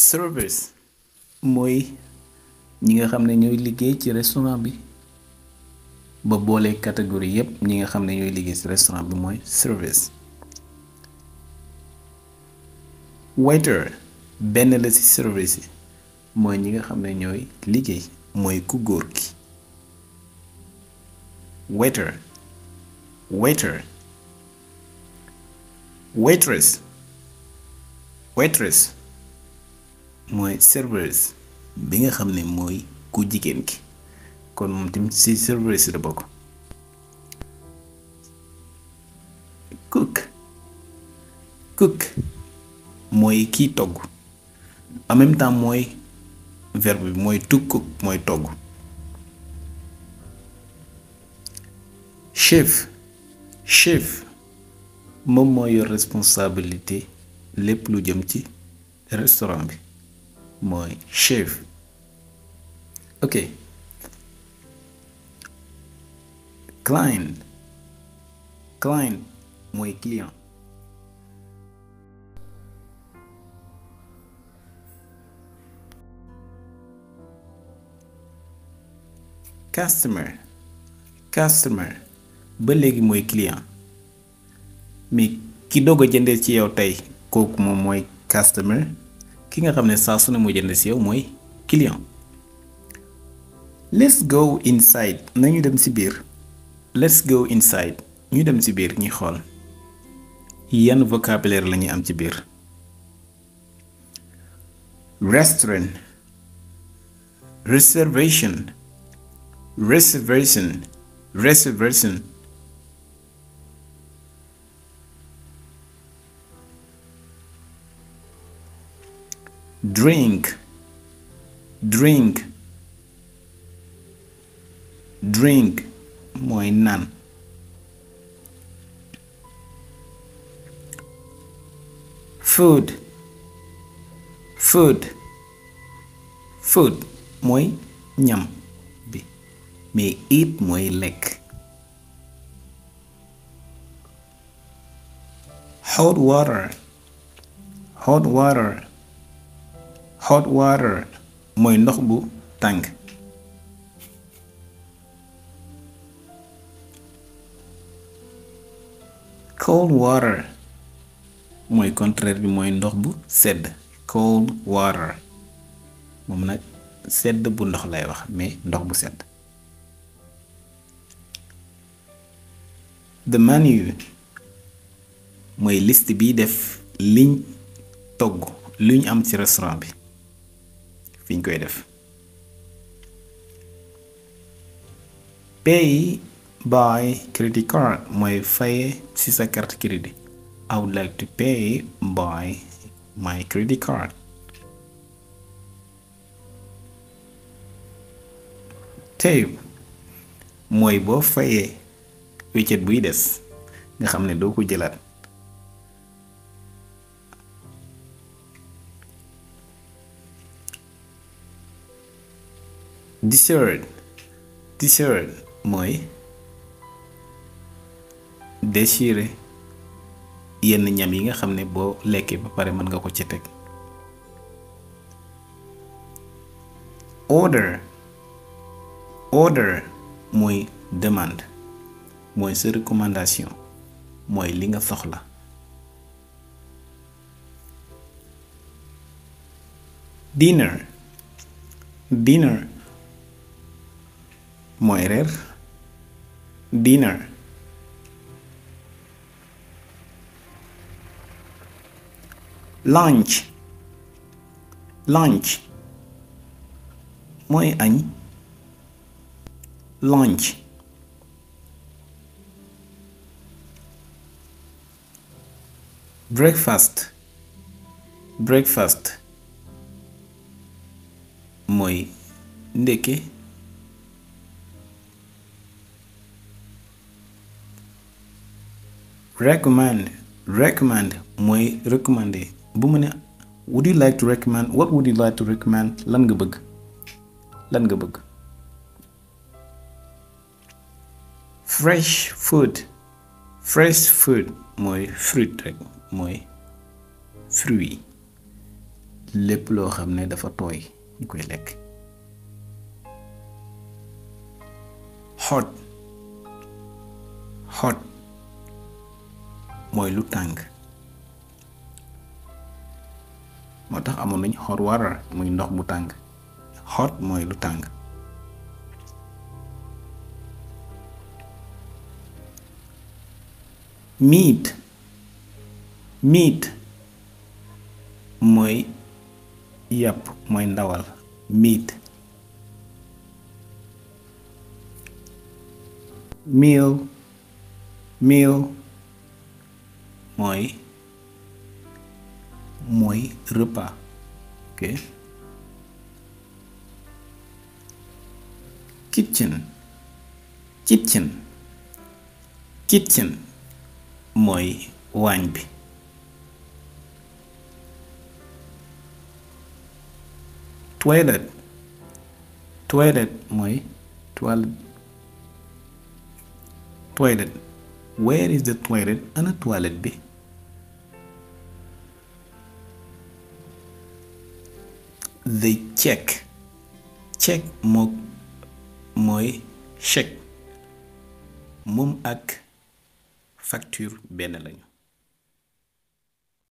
service mooy ñi nga xam ne ñooy liggéey ci restaurant bi ba boolee catégorie yépp ñi nga xam ne ñooy liggéey ci restaurant bi mooy service waiter benn la ci service yi mooy ñi nga xam ne ñooy liggéey mooy ku góor gi waiter waiter waitress waitress mooy Cerberus bi nga xam ne mooy ku jigéen ki kon moom tamit si Cerberus la bokk cook cook mooy kiy togg en même temps mooy verbe bi cook mooy togg chef chef moom mooy yor responsabilité lépp lu jëm ci restaurant bi mooy shave ok client client mooy client customer customer ba léegi mooy client mais ki doog a jëndee ci yow tey kooku moom mooy customer ki nga xam ne saa su ne mooy jënd si yow mooy client. let's go inside nañu dem si biir let's go inside ñu dem si biir ñuy xool yan vocabulaire la am ci biir. restaurant reservation reservation reservation. drink drink drink mooy naan food food food mooy ñam bi mais eat mooy lekk hot water hot water hot mooy ndox bu tàng cold water mooy contraire bi mooy ndox bu sedd cold water moom nag sedd bu ndox lay wax mais ndox bu sedd the menu mooy liste bi def liñ togg lu am ci restaurant bi biñ koy def pay by credit mooy faye ci sa carte crédit I would like to pay by my credit card mooy boo fayee wéccet buy des nga xam ne doo ko jëlaat discern discern mooy déchirer yenn ñam yi nga xam ne boo lekkee ba pare mën nga ko ci teg order order mooy demande mooy sa recommandation mooy li nga soxla dinner dinner mooy reer dinner lunch lunch mooy añ lunch breakfast breakfast mooy ndékke recommend recommend mooy recommander bu ma ne would you like to recommend what would you like to recommend lan nga bëgg lan nga bëgg fresh food fresh food mooy fruit rek mooy fruit lépp loo xam ne dafa tooy ñu koy lekk hot hot mooy lu tàng moo tax amoon nañ hot water muy ndox bu tàng hot mooy lu tàng miit miit mooy yàpp mooy ndawal miit meal meal mooy mooy repas ok kitchen kitchen kitchen mooy waañ bi toilet toilet mooy toilet toilet where is the toilet ana toilet bi the check check mook mooy chèque moom ak facture benn lañu